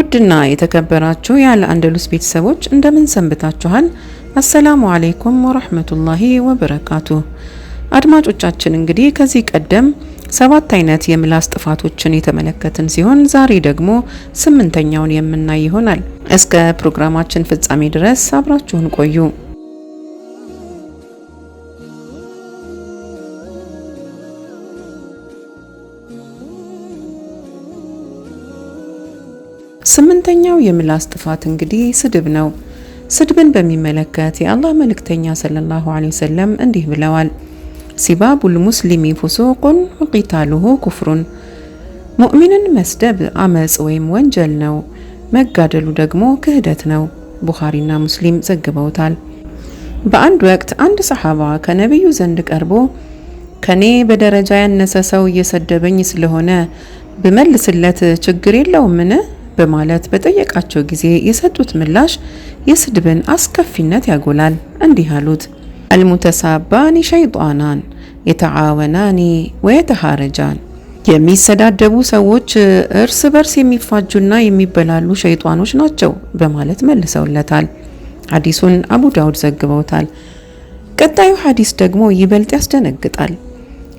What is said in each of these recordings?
ውድና የተከበራችሁ ያለ አንደሉስ ቤተሰቦች እንደምን ሰንብታችኋል? አሰላሙ አሌይኩም ወረህመቱላሂ ወበረካቱ። አድማጮቻችን እንግዲህ ከዚህ ቀደም ሰባት አይነት የምላስ ጥፋቶችን የተመለከትን ሲሆን ዛሬ ደግሞ ስምንተኛውን የምናይ ይሆናል። እስከ ፕሮግራማችን ፍጻሜ ድረስ አብራችሁን ቆዩ። ስምንተኛው የምላስ ጥፋት እንግዲህ ስድብ ነው። ስድብን በሚመለከት የአላህ መልእክተኛ ሰለላሁ ዐለይሂ ወሰለም እንዲህ ብለዋል፣ ሲባቡል ሙስሊሚ ፉሱቁን ወቂታሉሁ ኩፍሩን። ሙእሚንን መስደብ አመፅ ወይም ወንጀል ነው፣ መጋደሉ ደግሞ ክህደት ነው። ቡኻሪና ሙስሊም ዘግበውታል። በአንድ ወቅት አንድ ሰሓባ ከነቢዩ ዘንድ ቀርቦ ከኔ በደረጃ ያነሰ ሰው እየሰደበኝ ስለሆነ ብመልስለት ችግር የለውምን በማለት በጠየቃቸው ጊዜ የሰጡት ምላሽ የስድብን አስከፊነት ያጎላል። እንዲህ አሉት፣ አልሙተሳባኒ ሸይጣናን የተዓወናኒ ወየተሃረጃን የሚሰዳደቡ ሰዎች እርስ በርስ የሚፋጁና የሚበላሉ ሸይጣኖች ናቸው በማለት መልሰውለታል። ሐዲሱን አቡ ዳውድ ዘግበውታል። ቀጣዩ ሐዲስ ደግሞ ይበልጥ ያስደነግጣል።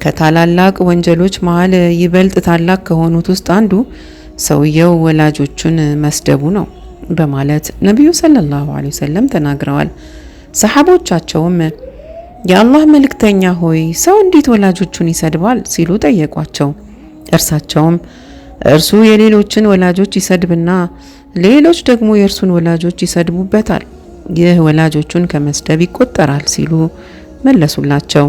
ከታላላቅ ወንጀሎች መሃል ይበልጥ ታላቅ ከሆኑት ውስጥ አንዱ ሰውየው ወላጆቹን መስደቡ ነው በማለት ነቢዩ ሰለላሁ ዐለይሂ ወሰለም ተናግረዋል። ሰሓቦቻቸውም የአላህ መልእክተኛ ሆይ ሰው እንዴት ወላጆቹን ይሰድባል ሲሉ ጠየቋቸው። እርሳቸውም እርሱ የሌሎችን ወላጆች ይሰድብና ሌሎች ደግሞ የእርሱን ወላጆች ይሰድቡበታል፣ ይህ ወላጆቹን ከመስደብ ይቆጠራል ሲሉ መለሱላቸው።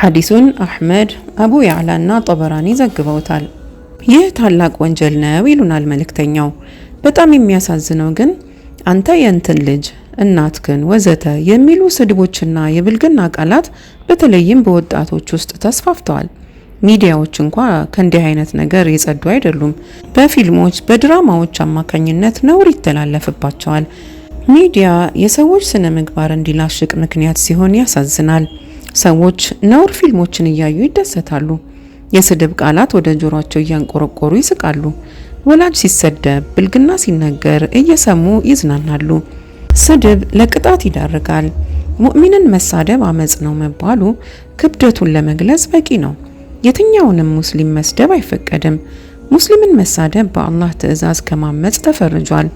ሐዲሱን አሕመድ፣ አቡ ያዕላ እና ጠበራኒ ዘግበውታል። ይህ ታላቅ ወንጀል ነው ይሉናል መልእክተኛው። በጣም የሚያሳዝነው ግን አንተ የእንትን ልጅ እናት ግን ወዘተ የሚሉ ስድቦችና የብልግና ቃላት በተለይም በወጣቶች ውስጥ ተስፋፍተዋል። ሚዲያዎች እንኳ ከእንዲህ አይነት ነገር የጸዱ አይደሉም። በፊልሞች በድራማዎች አማካኝነት ነውር ይተላለፍባቸዋል። ሚዲያ የሰዎች ስነ ምግባር እንዲላሽቅ ምክንያት ሲሆን ያሳዝናል። ሰዎች ነውር ፊልሞችን እያዩ ይደሰታሉ። የስድብ ቃላት ወደ ጆሯቸው እያንቆረቆሩ ይስቃሉ። ወላጅ ሲሰደብ፣ ብልግና ሲነገር እየሰሙ ይዝናናሉ። ስድብ ለቅጣት ይዳርጋል። ሙእሚንን መሳደብ አመጽ ነው መባሉ ክብደቱን ለመግለጽ በቂ ነው። የትኛውንም ሙስሊም መስደብ አይፈቀድም። ሙስሊምን መሳደብ በአላህ ትዕዛዝ ከማመጽ ተፈርጇል።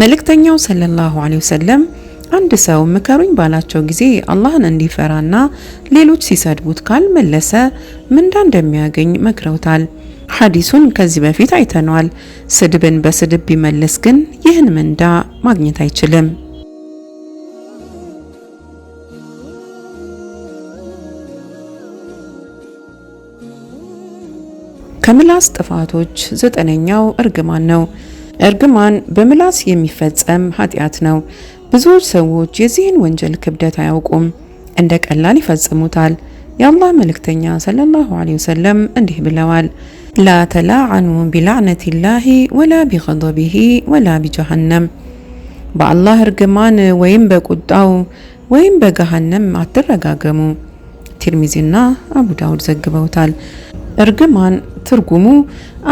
መልእክተኛው ሰለላሁ ዐለይሂ ወሰለም አንድ ሰው ምከሩኝ ባላቸው ጊዜ አላህን እንዲፈራና ሌሎች ሲሰድቡት ካልመለሰ ምንዳ እንደሚያገኝ መክረውታል። ሐዲሱን ከዚህ በፊት አይተነዋል። ስድብን በስድብ ቢመልስ ግን ይህን ምንዳ ማግኘት አይችልም። ከምላስ ጥፋቶች ዘጠነኛው እርግማን ነው። እርግማን በምላስ የሚፈጸም ኃጢአት ነው። ብዙዎች ሰዎች የዚህን ወንጀል ክብደት አያውቁም፣ እንደ ቀላል ይፈጽሙታል። የአላህ መልእክተኛ ሰለላሁ ዐለይሂ ወሰለም እንዲህ ብለዋል፣ ላ ተላዓኑ ቢላዕነቲላሂ ወላ ቢገደቢሂ ወላ ቢጀሃነም፣ በአላህ እርግማን ወይም በቁጣው ወይም በገሃነም አትረጋገሙ። ቲርሚዚና አቡ ዳውድ ዘግበውታል። እርግማን ትርጉሙ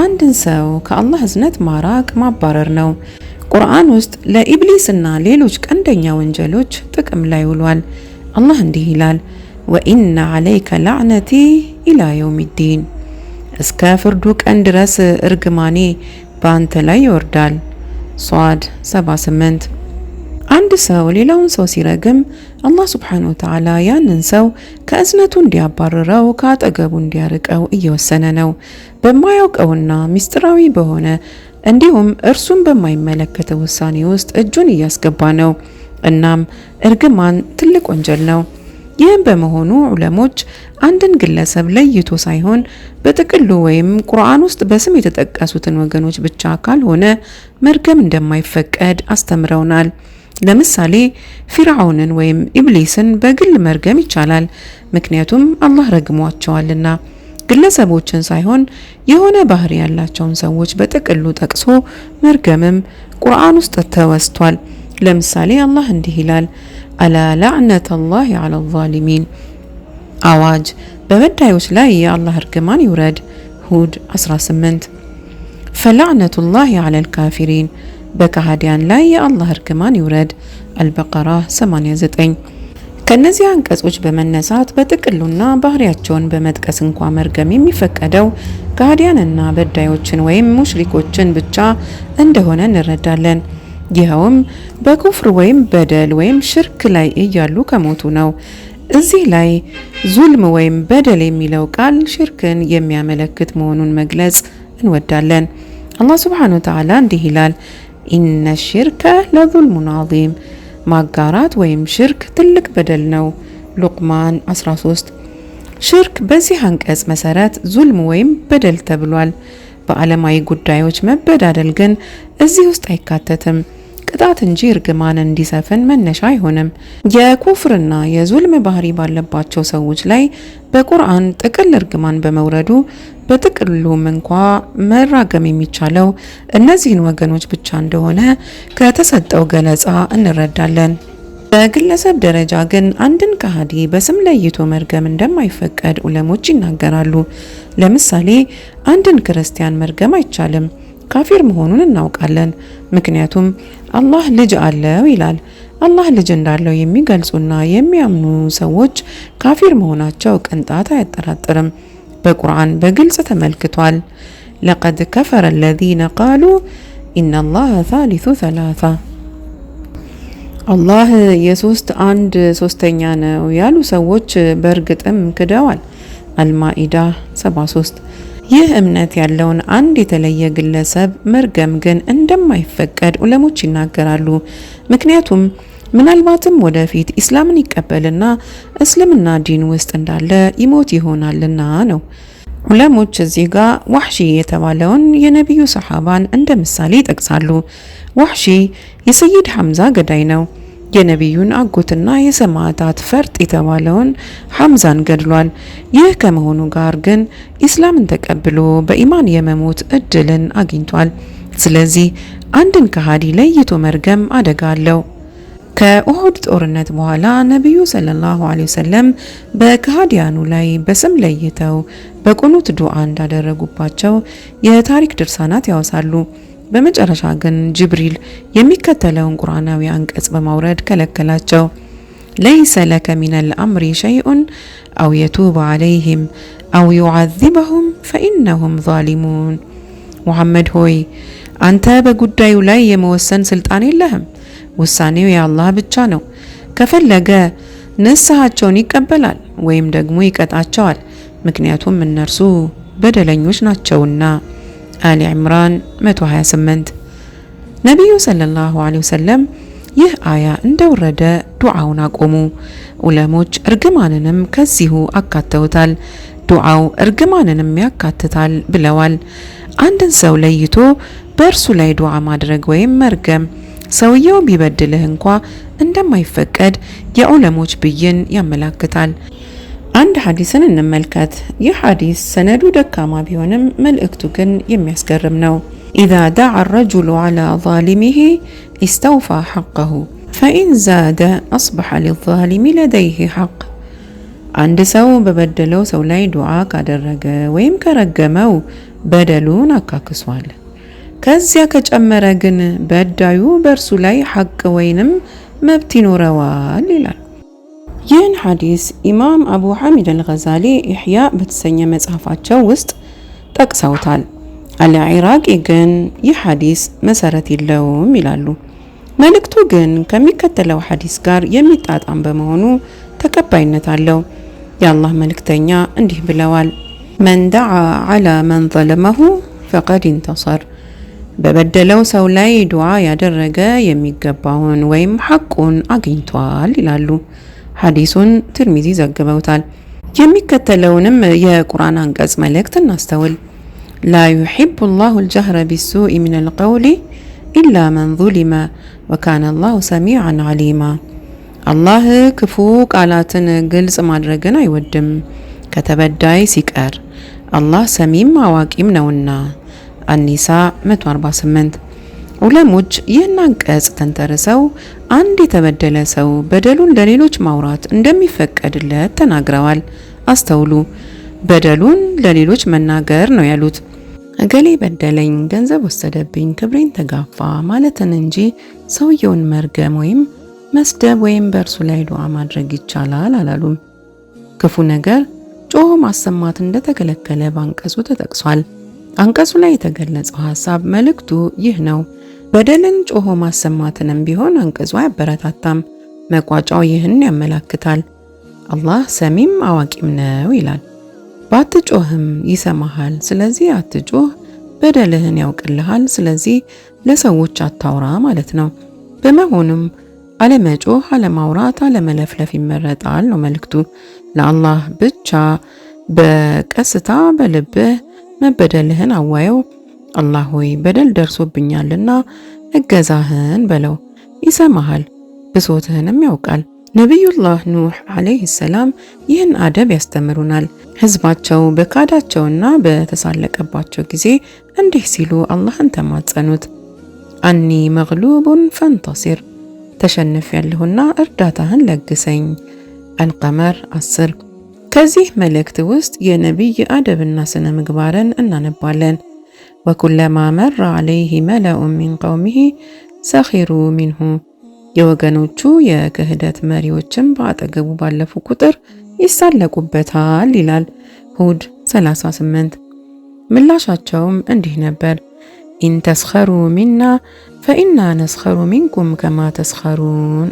አንድን ሰው ከአላህ እዝነት ማራቅ ማባረር ነው። ቁርአን ውስጥ ለኢብሊስና ሌሎች ቀንደኛ ወንጀሎች ጥቅም ላይ ውሏል። አላህ እንዲህ ይላል፣ ወኢነ ዓለይከ ላዕነቲ ኢላ የውም ዲን፣ እስከ ፍርዱ ቀን ድረስ እርግማኔ በአንተ ላይ ይወርዳል። ሷድ 78 አንድ ሰው ሌላውን ሰው ሲረግም አላህ ሱብሓነሁ ወተዓላ ያንን ሰው ከእዝነቱ እንዲያባርረው ከአጠገቡ እንዲያርቀው እየወሰነ ነው። በማያውቀውና ሚስጢራዊ በሆነ እንዲሁም እርሱን በማይመለከተው ውሳኔ ውስጥ እጁን እያስገባ ነው። እናም እርግማን ትልቅ ወንጀል ነው። ይህም በመሆኑ ዑለሞች አንድን ግለሰብ ለይቶ ሳይሆን በጥቅሉ ወይም ቁርአን ውስጥ በስም የተጠቀሱትን ወገኖች ብቻ ካልሆነ መርገም እንደማይፈቀድ አስተምረውናል። ለምሳሌ ፊርዓውንን ወይም ኢብሊስን በግል መርገም ይቻላል፣ ምክንያቱም አላህ ረግሟቸዋልና። ግለሰቦችን ሳይሆን የሆነ ባህሪ ያላቸውን ሰዎች በጥቅሉ ጠቅሶ መርገምም ቁርአን ውስጥ ተወስቷል። ለምሳሌ አላህ እንዲህ ይላል፣ አላ ላዕነት አላህ አላ ዛሊሚን፣ አዋጅ በበዳዮች ላይ የአላህ እርግማን ይውረድ። ሁድ 18 ፈላዕነቱ ላህ አላ ልካፊሪን፣ በካሃዲያን ላይ የአላህ እርግማን ይውረድ። አልበቀራ 89 ከነዚህ አንቀጾች በመነሳት በጥቅሉና ባህሪያቸውን በመጥቀስ እንኳ መርገም የሚፈቀደው ከሃዲያንና በዳዮችን ወይም ሙሽሪኮችን ብቻ እንደሆነ እንረዳለን። ይኸውም በኩፍር ወይም በደል ወይም ሽርክ ላይ እያሉ ከሞቱ ነው። እዚህ ላይ ዙልም ወይም በደል የሚለው ቃል ሽርክን የሚያመለክት መሆኑን መግለጽ እንወዳለን። አላህ ሱብሓነሁ ወተዓላ እንዲህ ይላል፣ ኢነ ሽርከ ለዙልሙን ዓዚም ማጋራት ወይም ሽርክ ትልቅ በደል ነው። ሉቅማን 13 ሽርክ በዚህ አንቀጽ መሰረት ዙልም ወይም በደል ተብሏል። በዓለማዊ ጉዳዮች መበዳደል ግን እዚህ ውስጥ አይካተትም። ቅጣት እንጂ እርግማን እንዲሰፍን መነሻ አይሆንም። የኩፍርና የዙልም ባህሪ ባለባቸው ሰዎች ላይ በቁርአን ጥቅል እርግማን በመውረዱ በጥቅሉም እንኳ መራገም የሚቻለው እነዚህን ወገኖች ብቻ እንደሆነ ከተሰጠው ገለጻ እንረዳለን። በግለሰብ ደረጃ ግን አንድን ካህዲ በስም ለይቶ መርገም እንደማይፈቀድ ዑለሞች ይናገራሉ። ለምሳሌ አንድን ክርስቲያን መርገም አይቻልም፣ ካፊር መሆኑን እናውቃለን። ምክንያቱም አላህ ልጅ አለው ይላል። አላህ ልጅ እንዳለው የሚገልጹና የሚያምኑ ሰዎች ካፊር መሆናቸው ቅንጣት አያጠራጥርም። በቁርአን በግልጽ ተመልክቷል። ለቀድ ከፈረ አለዚነ ቃሉ ኢነላህ ታሊቱ ተላታ አላህ የሶስት አንድ ሶስተኛ ነው ያሉ ሰዎች በእርግጥም ክደዋል። አልማኢዳ 73 ይህ እምነት ያለውን አንድ የተለየ ግለሰብ መርገም ግን እንደማይፈቀድ ዑለሞች ይናገራሉ። ምክንያቱም ምናልባትም ወደፊት ኢስላምን ይቀበልና እስልምና ዲን ውስጥ እንዳለ ይሞት ይሆናልና ነው። ዑለሞች እዚህ ጋር ዋሕሺ የተባለውን የነቢዩ ሰሓባን እንደ ምሳሌ ይጠቅሳሉ። ዋሕሺ የሰይድ ሐምዛ ገዳይ ነው። የነቢዩን አጎትና የሰማዕታት ፈርጥ የተባለውን ሐምዛን ገድሏል። ይህ ከመሆኑ ጋር ግን ኢስላምን ተቀብሎ በኢማን የመሞት እድልን አግኝቷል። ስለዚህ አንድን ከሃዲ ለይቶ መርገም አደጋ አለው። ከኡሁድ ጦርነት በኋላ ነቢዩ ሰለላሁ ዐለይሂ ወሰለም በከሃዲያኑ ላይ በስም ለይተው በቁኑት ዱዓ እንዳደረጉባቸው የታሪክ ድርሳናት ያወሳሉ። በመጨረሻ ግን ጅብሪል የሚከተለውን ቁርአናዊ አንቀጽ በማውረድ ከለከላቸው። ለይሰ ለከ ሚነል አምሪ ሸይኡን አው የቱበ ዓለይህም አው ዩዓዚበሁም ፈኢነሁም ዛሊሙን። ሙሐመድ ሆይ አንተ በጉዳዩ ላይ የመወሰን ስልጣን የለህም። ውሳኔው የአላህ ብቻ ነው። ከፈለገ ንስሐቸውን ይቀበላል ወይም ደግሞ ይቀጣቸዋል፣ ምክንያቱም እነርሱ በደለኞች ናቸውና። አሊ ዕምራን 128 ነቢዩ ሰለላሁ ዐለይሂ ወሰለም ይህ አያ እንደወረደ ዱዓውን አቆሙ። ዑለሞች እርግማንንም ከዚሁ አካተውታል። ዱዓው እርግማንንም ያካትታል ብለዋል። አንድን ሰው ለይቶ በእርሱ ላይ ዱዓ ማድረግ ወይም መርገም ሰውየው ቢበድልህ እንኳ እንደማይፈቀድ የዑለሞች ብይን ያመላክታል። አንድ ሐዲስን እንመልከት። ይህ ሐዲስ ሰነዱ ደካማ ቢሆንም መልእክቱ ግን የሚያስገርም ነው። ኢዛ ዳዓ ረጁሉ ዓላ ዛሊሚሂ ኢስተውፋ ሐቀሁ ፈኢን ዛደ አስበሐ ሊዛሊሚ ለደይህ ሐቅ። አንድ ሰው በበደለው ሰው ላይ ዱዓ ካደረገ ወይም ከረገመው በደሉን አካክሷል። ከዚያ ከጨመረ ግን በዳዩ በእርሱ ላይ ሐቅ ወይንም መብት ይኖረዋል ይላል። ይህን ሐዲስ ኢማም አቡ ሐሚድ አልገዛሊ ኢሕያ በተሰኘ መጽሐፋቸው ውስጥ ጠቅሰውታል። አለ ግን ይህ ሐዲስ መሰረት የለውም ይላሉ። መልእክቱ ግን ከሚከተለው ሐዲስ ጋር የሚጣጣም በመሆኑ ተቀባይነት አለው። የአላህ መልእክተኛ እንዲህ ብለዋል፣ መን ደዓ ዐላ መን ዘለመሁ ፈቀድ ኢንተሰር በበደለው ሰው ላይ ዱዓ ያደረገ የሚገባውን ወይም ሐቁን አግኝቷል ይላሉ። ሐዲሱን ትርሚዚ ዘግበውታል። የሚከተለውንም የቁርአን አንቀጽ መልእክት እናስተውል። ላ ዩሒቡ ላሁ ልጀህረ ቢሱኢ ምን አልቀውሊ ኢላ መን ዙሊመ ወካነ ላሁ ሰሚዐን ዓሊማ። አላህ ክፉ ቃላትን ግልጽ ማድረግን አይወድም ከተበዳይ ሲቀር አላህ ሰሚም አዋቂም ነውና። አኒሳ 148 ዑለሞች ይህን አንቀጽ ተንተርሰው አንድ የተበደለ ሰው በደሉን ለሌሎች ማውራት እንደሚፈቀድለት ተናግረዋል። አስተውሉ። በደሉን ለሌሎች መናገር ነው ያሉት። እገሌ በደለኝ፣ ገንዘብ ወሰደብኝ፣ ክብሬን ተጋፋ ማለትን እንጂ ሰውየውን መርገም ወይም መስደብ ወይም በእርሱ ላይ ዱዓ ማድረግ ይቻላል አላሉም። ክፉ ነገር ጮሆ ማሰማት እንደተከለከለ በአንቀጹ ተጠቅሷል። አንቀጹ ላይ የተገለጸው ሐሳብ መልእክቱ ይህ ነው። በደልን ጮሆ ማሰማትንም ቢሆን አንቀጹ አያበረታታም። መቋጫው ይህን ያመላክታል። አላህ ሰሚም አዋቂም ነው ይላል። ባትጮህም ይሰማሃል፣ ስለዚህ አትጮህ። በደልህን ያውቅልሃል፣ ስለዚህ ለሰዎች አታውራ ማለት ነው። በመሆኑም አለመጮህ፣ አለማውራት፣ አለመለፍለፍ ይመረጣል ነው መልእክቱ። ለአላህ ብቻ በቀስታ በልብህ መበደልህን አዋየው። አላህ ሆይ በደል ደርሶብኛልና እገዛህን በለው። ይሰማሃል፣ ብሶትህንም ያውቃል። ነቢዩላህ ኑህ ዓለይሂ ሰላም ይህን አደብ ያስተምሩናል። ህዝባቸው በካዳቸውና በተሳለቀባቸው ጊዜ እንዲህ ሲሉ አላህን ተማጸኑት። አኒ መግሉቡን ፈንተሲር፣ ተሸንፍ ያለሁና እርዳታህን ለግሰኝ። አልቀመር 10 ከዚህ መልእክት ውስጥ የነቢይ አደብና ስነ ምግባርን እናነባለን። ወኩለማ መረ አለይህ መለኡ ሚን ቀውሚህ ሰኺሩ ሚንሁ የወገኖቹ የክህደት መሪዎችን በአጠገቡ ባለፉ ቁጥር ይሳለቁበታል ይላል ሁድ 38 ምላሻቸውም እንዲህ ነበር ኢን ተስኸሩ ሚና ፈኢና ነስኸሩ ሚንኩም ከማ ተስኸሩን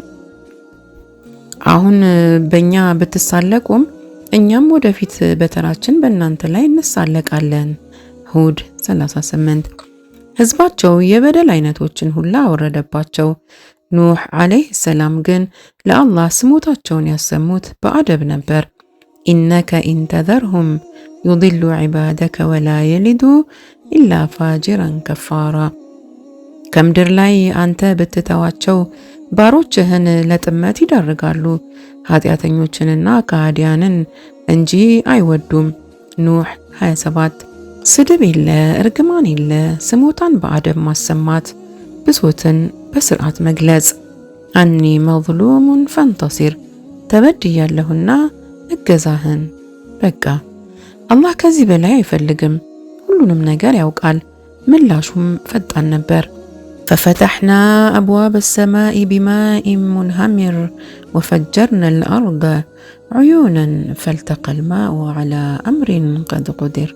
አሁን በእኛ ብትሳለቁም እኛም ወደፊት በተራችን በእናንተ ላይ እንሳለቃለን ሁድ 38 ህዝባቸው የበደል አይነቶችን ሁላ አወረደባቸው። ኑህ ዓለይህ ሰላም ግን ለአላህ ስሞታቸውን ያሰሙት በአደብ ነበር። ኢነከ ኢንተዘርሁም ዩድሉ ዒባደከ ወላ የሊዱ ኢላ ፋጅራን ከፋራ ከምድር ላይ አንተ ብትተዋቸው ባሮችህን ለጥመት ይዳርጋሉ፣ ኃጢአተኞችንና ከሃዲያንን እንጂ አይወዱም። ኑህ 27 ስድብ የለ፣ እርግማን የለ፣ ስሞታን በአደብ ማሰማት፣ ብሶትን በስርዓት መግለጽ። አኒ መዝሉሙን ፈንተሲር፣ ተበድያለሁና እገዛህን። በቃ አላህ ከዚህ በላይ አይፈልግም። ሁሉንም ነገር ያውቃል። ምላሹም ፈጣን ነበር። ፈፈተሕና አብዋበ ሰማኢ ቢማኢን ሙንሃሚር ወፈጀርና ልአርደ ዑዩነን ፈልተቀ ልማኡ ዓላ አምሪን ቀድ ቁዲር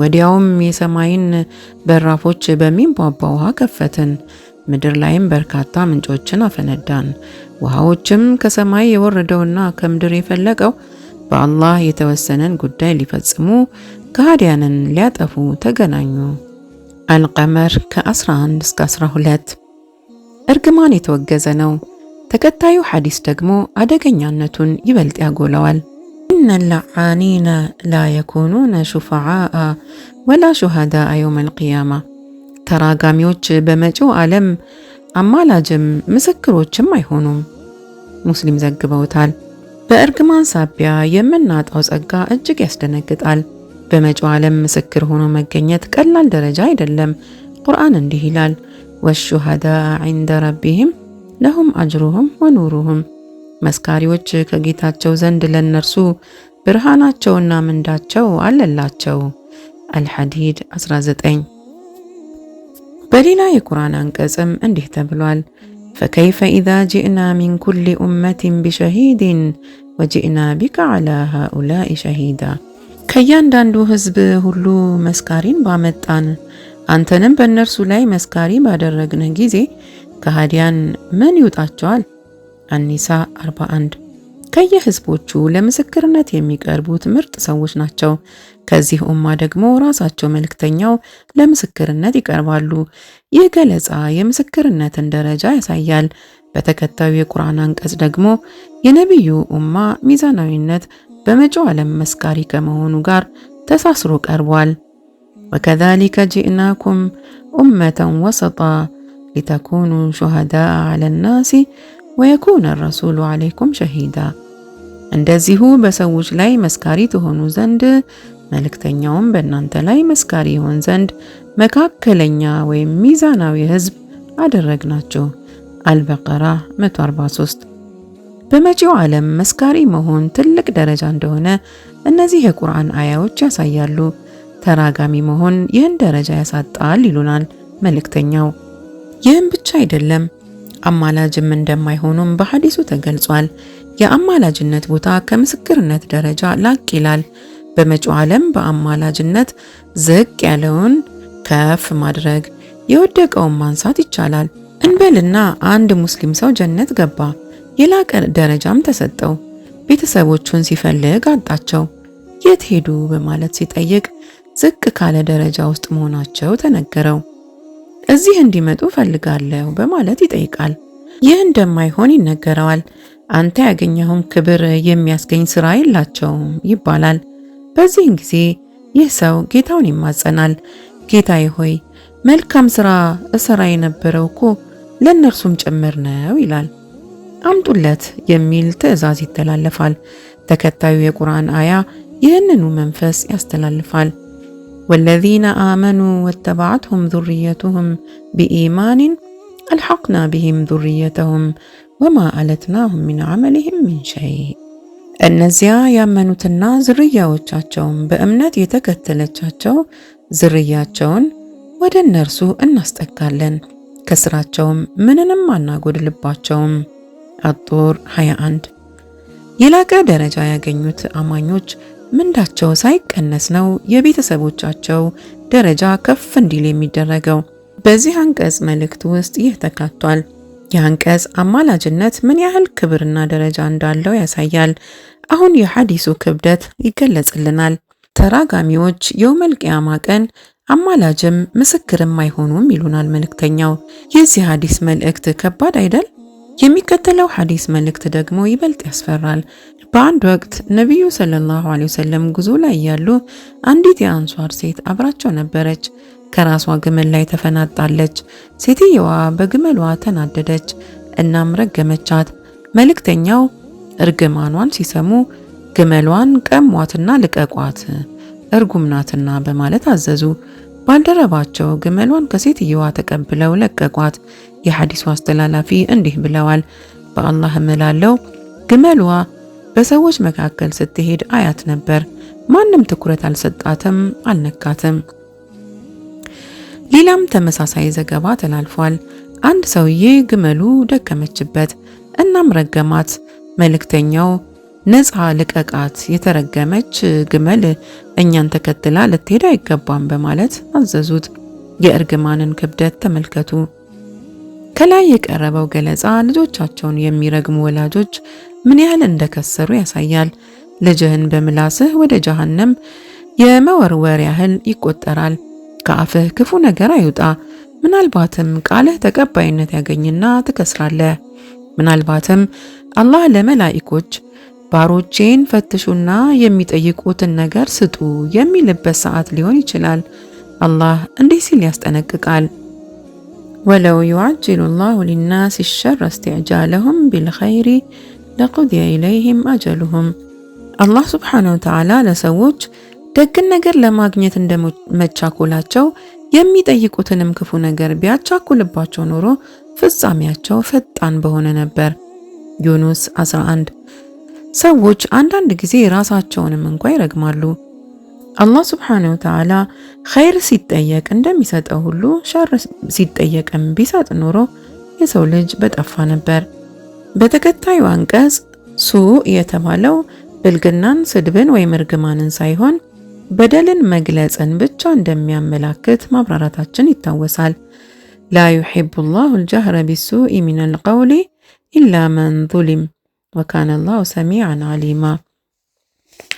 ወዲያውም የሰማይን በራፎች በሚንቧቧ ውሃ ከፈትን። ምድር ላይም በርካታ ምንጮችን አፈነዳን። ውሃዎችም ከሰማይ የወረደውና ከምድር የፈለቀው በአላህ የተወሰነን ጉዳይ ሊፈጽሙ ከሃዲያንን ሊያጠፉ ተገናኙ። አልቀመር ከ11 እስከ 12 እርግማን የተወገዘ ነው። ተከታዩ ሐዲስ ደግሞ አደገኛነቱን ይበልጥ ያጎለዋል። ኢነ ለዓኒነ ላ የኩኑነ ሹፈዓአ ወላ ሹሃዳአ የውም አልቅያማ። ተራጋሚዎች በመጪው ዓለም አማላጅም ምስክሮችም አይሆኑም። ሙስሊም ዘግበውታል። በእርግማን ሳቢያ የምናጣው ጸጋ እጅግ ያስደነግጣል። በመጪው ዓለም ምስክር ሆኖ መገኘት ቀላል ደረጃ አይደለም። ቁርአን እንዲህ ይላል፣ ወሹሃዳ ዒንደ ረቢህም ለሁም አጅሩሁም ወኑሩሁም መስካሪዎች ከጌታቸው ዘንድ ለእነርሱ ብርሃናቸውና ምንዳቸው አለላቸው። አልሐዲድ 19 በሌላ የቁርአን አንቀጽም እንዲህ ተብሏል፣ ፈከይፈ ኢዛ ጅእና ሚን ኩሊ ኡመትን ቢሸሂድን ወጅእና ቢከ ዓላ ሃኡላኢ ሸሂዳ ከእያንዳንዱ ህዝብ ሁሉ መስካሪን ባመጣን አንተንም በእነርሱ ላይ መስካሪ ባደረግንህ ጊዜ ከሃዲያን ምን ይውጣቸዋል? አኒሳ 41 ከየህዝቦቹ ለምስክርነት የሚቀርቡት ምርጥ ሰዎች ናቸው። ከዚህ ኡማ ደግሞ ራሳቸው መልክተኛው ለምስክርነት ይቀርባሉ። ይህ ገለጻ የምስክርነትን ደረጃ ያሳያል። በተከታዩ የቁርአን አንቀጽ ደግሞ የነቢዩ ኡማ ሚዛናዊነት በመጪው ዓለም መስካሪ ከመሆኑ ጋር ተሳስሮ ቀርቧል። ወከዛሊከ ጂእናኩም ኡመተን ወሰጣ ሊተኩኑ ሹሃዳአ ዐለናሲ ወየኩነ ረሱሉ ዓለይኩም ሸሂዳ፣ እንደዚሁ በሰዎች ላይ መስካሪ ትሆኑ ዘንድ መልእክተኛውም በእናንተ ላይ መስካሪ ይሆን ዘንድ መካከለኛ ወይም ሚዛናዊ ሕዝብ አደረግናችሁ። አልበቀራ 143 በመጪው ዓለም መስካሪ መሆን ትልቅ ደረጃ እንደሆነ እነዚህ የቁርአን አያዎች ያሳያሉ። ተራጋሚ መሆን ይህን ደረጃ ያሳጣል ይሉናል መልእክተኛው። ይህም ብቻ አይደለም አማላጅም እንደማይሆኑም በሐዲሱ ተገልጿል። የአማላጅነት ቦታ ከምስክርነት ደረጃ ላቅ ይላል። በመጪው ዓለም በአማላጅነት ዝቅ ያለውን ከፍ ማድረግ፣ የወደቀውን ማንሳት ይቻላል። እንበልና አንድ ሙስሊም ሰው ጀነት ገባ፣ የላቀ ደረጃም ተሰጠው። ቤተሰቦቹን ሲፈልግ አጣቸው። የት ሄዱ በማለት ሲጠይቅ ዝቅ ካለ ደረጃ ውስጥ መሆናቸው ተነገረው። እዚህ እንዲመጡ ፈልጋለሁ በማለት ይጠይቃል። ይህ እንደማይሆን ይነገረዋል። አንተ ያገኘሁም ክብር የሚያስገኝ ሥራ የላቸውም ይባላል። በዚህን ጊዜ ይህ ሰው ጌታውን ይማጸናል። ጌታዬ ሆይ መልካም ሥራ እሰራ የነበረው እኮ ለእነርሱም ጭምር ነው ይላል። አምጡለት የሚል ትእዛዝ ይተላለፋል። ተከታዩ የቁርአን አያ ይህንኑ መንፈስ ያስተላልፋል። والذين آمنوا واتبعتهم ذريتهم بإيمان ألحقنا بهم ذريتهم وما ألتناهم من عملهم من شيء النزيا يا منوتنا زرية وچاچون بأمنات يتكتل چاچو زرياچون ودى النرسو الناس تكالن كسراتشوم من نمانا قد لباتشوم الطور هيا عند يلاقى درجة يا أمانيوش ምንዳቸው ሳይቀነስ ነው የቤተሰቦቻቸው ደረጃ ከፍ እንዲል የሚደረገው። በዚህ አንቀጽ መልእክት ውስጥ ይህ ተካቷል። የአንቀጽ አማላጅነት ምን ያህል ክብርና ደረጃ እንዳለው ያሳያል። አሁን የሐዲሱ ክብደት ይገለጽልናል። ተራጋሚዎች የውመል ቂያማ ቀን አማላጅም ምስክርም አይሆኑም ይሉናል መልእክተኛው። የዚህ ሐዲስ መልእክት ከባድ አይደል? የሚከተለው ሐዲስ መልእክት ደግሞ ይበልጥ ያስፈራል። በአንድ ወቅት ነቢዩ ሰለላሁ ዐለይሂ ወሰለም ጉዞ ላይ ያሉ አንዲት የአንሷር ሴት አብራቸው ነበረች። ከራሷ ግመል ላይ ተፈናጣለች። ሴትየዋ በግመሏ ተናደደች፣ እናም ረገመቻት። መልእክተኛው እርግማኗን ሲሰሙ ግመሏን ቀሟትና ልቀቋት እርጉም ናትና በማለት አዘዙ። ባልደረባቸው ግመሏን ከሴትየዋ ተቀብለው ለቀቋት። የሐዲሱ አስተላላፊ እንዲህ ብለዋል፣ በአላህ እምላለሁ ግመሏ በሰዎች መካከል ስትሄድ አያት ነበር። ማንም ትኩረት አልሰጣትም፣ አልነካትም። ሌላም ተመሳሳይ ዘገባ ተላልፏል። አንድ ሰውዬ ግመሉ ደከመችበት፣ እናም ረገማት። መልእክተኛው ነፃ ልቀቃት፣ የተረገመች ግመል እኛን ተከትላ ልትሄድ አይገባም በማለት አዘዙት። የእርግማንን ክብደት ተመልከቱ። ከላይ የቀረበው ገለጻ ልጆቻቸውን የሚረግሙ ወላጆች ምን ያህል እንደከሰሩ ያሳያል። ልጅህን በምላስህ ወደ ጀሃነም የመወርወር ያህል ይቆጠራል። ከአፍህ ክፉ ነገር አይውጣ፣ ምናልባትም ቃልህ ተቀባይነት ያገኝና ትከስራለህ። ምናልባትም አላህ ለመላኢኮች ባሮቼን ፈትሹና የሚጠይቁትን ነገር ስጡ የሚልበት ሰዓት ሊሆን ይችላል። አላህ እንዲህ ሲል ያስጠነቅቃል፣ ወለው ዩዓጅሉ ላሁ ሊናስ ሸረ እስትዕጃለሁም ቢልኸይሪ ለቁድየ ኢለይህም አጀሉሁም። አላህ ሱብሓነሁ ወተዓላ ለሰዎች ደግን ነገር ለማግኘት እንደመቻኮላቸው የሚጠይቁትንም ክፉ ነገር ቢያቻኩልባቸው ኖሮ ፍጻሜያቸው ፈጣን በሆነ ነበር። ዩኑስ 11 ሰዎች አንዳንድ ጊዜ ራሳቸውንም እንኳ ይረግማሉ። አላህ ሱብሓነሁ ወተዓላ ኸይር ሲጠየቅ እንደሚሰጠው ሁሉ ሸር ሲጠየቅም ቢሰጥ ኖሮ የሰው ልጅ በጠፋ ነበር። በተከታዩ አንቀጽ ሱ የተባለው ብልግናን፣ ስድብን ወይም እርግማንን ሳይሆን በደልን መግለጽን ብቻ እንደሚያመላክት ማብራራታችን ይታወሳል። ላ ዩሒቡ ላሁ ልጃህረ ቢሱኢ ሚነል ቀውሊ ኢላ መን ዙሊም ወካነ ላሁ ሰሚዐን ዓሊማ።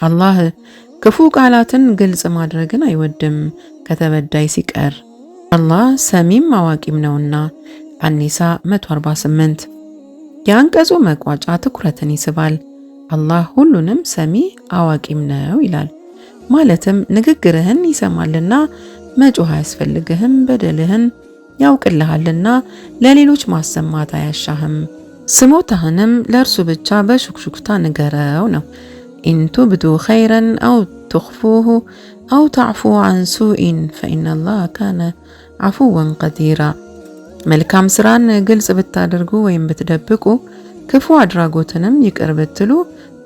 አላህ ክፉ ቃላትን ግልጽ ማድረግን አይወድም ከተበዳይ ሲቀር፣ አላህ ሰሚም አዋቂም ነውና። አኒሳ 148 የአንቀጹ መቋጫ ትኩረትን ይስባል። አላህ ሁሉንም ሰሚ አዋቂም ነው ይላል። ማለትም ንግግርህን ይሰማልና መጮህ አያስፈልግህም፣ በደልህን ያውቅልሃልና ለሌሎች ማሰማት አያሻህም። ስሞታህንም ለእርሱ ብቻ በሹክሹክታ ንገረው ነው። ኢንቱብዱ ኸይረን አው ትኽፉሁ አው ተዕፉ አን ሱኢን ፈኢነላህ ካነ ዓፉወን ቀዲራ መልካም ስራን ግልጽ ብታደርጉ ወይም ብትደብቁ፣ ክፉ አድራጎትንም ይቅር ብትሉ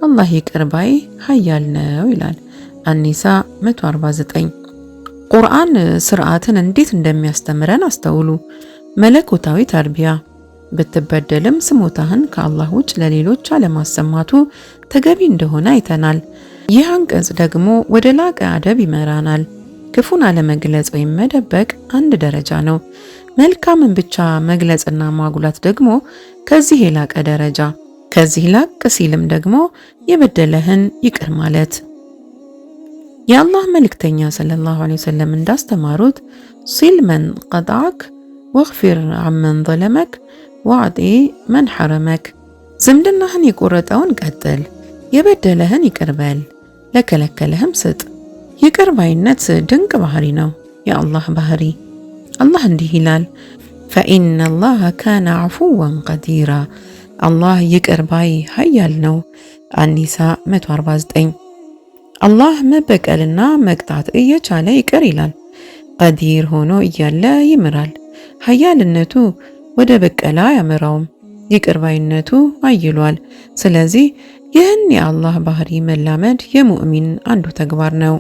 አላህ ይቅር ባይ ሀያል ነው ይላል አኒሳ 149። ቁርአን ስርዓትን እንዴት እንደሚያስተምረን አስተውሉ። መለኮታዊ ተርቢያ ብትበደልም ስሞታህን ከአላህ ውጭ ለሌሎች አለማሰማቱ ተገቢ እንደሆነ አይተናል። ይህ አንቀጽ ደግሞ ወደ ላቀ አደብ ይመራናል። ክፉን አለመግለጽ ወይም መደበቅ አንድ ደረጃ ነው። መልካምን ብቻ መግለጽና ማጉላት ደግሞ ከዚህ የላቀ ደረጃ፣ ከዚህ ላቅ ሲልም ደግሞ የበደለህን ይቅር ማለት። የአላህ መልእክተኛ ሰለላሁ ዐለይሂ ወሰለም እንዳስተማሩት ሲል መን ቀጣዐክ ወግፊር አመን ዘለመክ ዋዕጢ መን ሐረመክ፣ ዝምድናህን የቆረጠውን ቀጥል፣ የበደለህን ይቅርበል፣ ለከለከለህም ስጥ። ይቅር ባይነት ድንቅ ባህሪ ነው፣ የአላህ ባህሪ አላህ እንዲህ ይላል፣ ፈኢነ ላሃ ካነ አፉወን ቀዲራ አላህ ይቅር ባይ ሀያል ነው። አኒሳ 149 አላህ መበቀልና መቅጣት እየቻለ ይቅር ይላል። ቀዲር ሆኖ እያለ ይምራል። ሀያልነቱ ወደ በቀላ አያመራውም። ይቅር ባይነቱ አይሏል። ስለዚህ ይህን የአላህ ባህሪ መላመድ የሙእሚን አንዱ ተግባር ነው።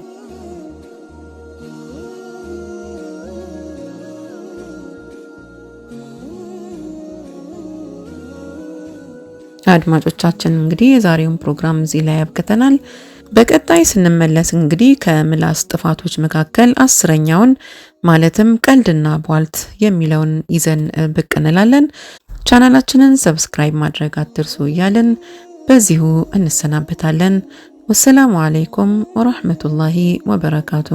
አድማጮቻችን እንግዲህ የዛሬውን ፕሮግራም እዚህ ላይ ያብቅተናል። በቀጣይ ስንመለስ እንግዲህ ከምላስ ጥፋቶች መካከል አስረኛውን ማለትም ቀልድና ቧልት የሚለውን ይዘን ብቅ እንላለን። ቻናላችንን ሰብስክራይብ ማድረግ አትርሱ እያልን በዚሁ እንሰናበታለን። ወሰላሙ አለይኩም ወራህመቱላሂ ወበረካቱ።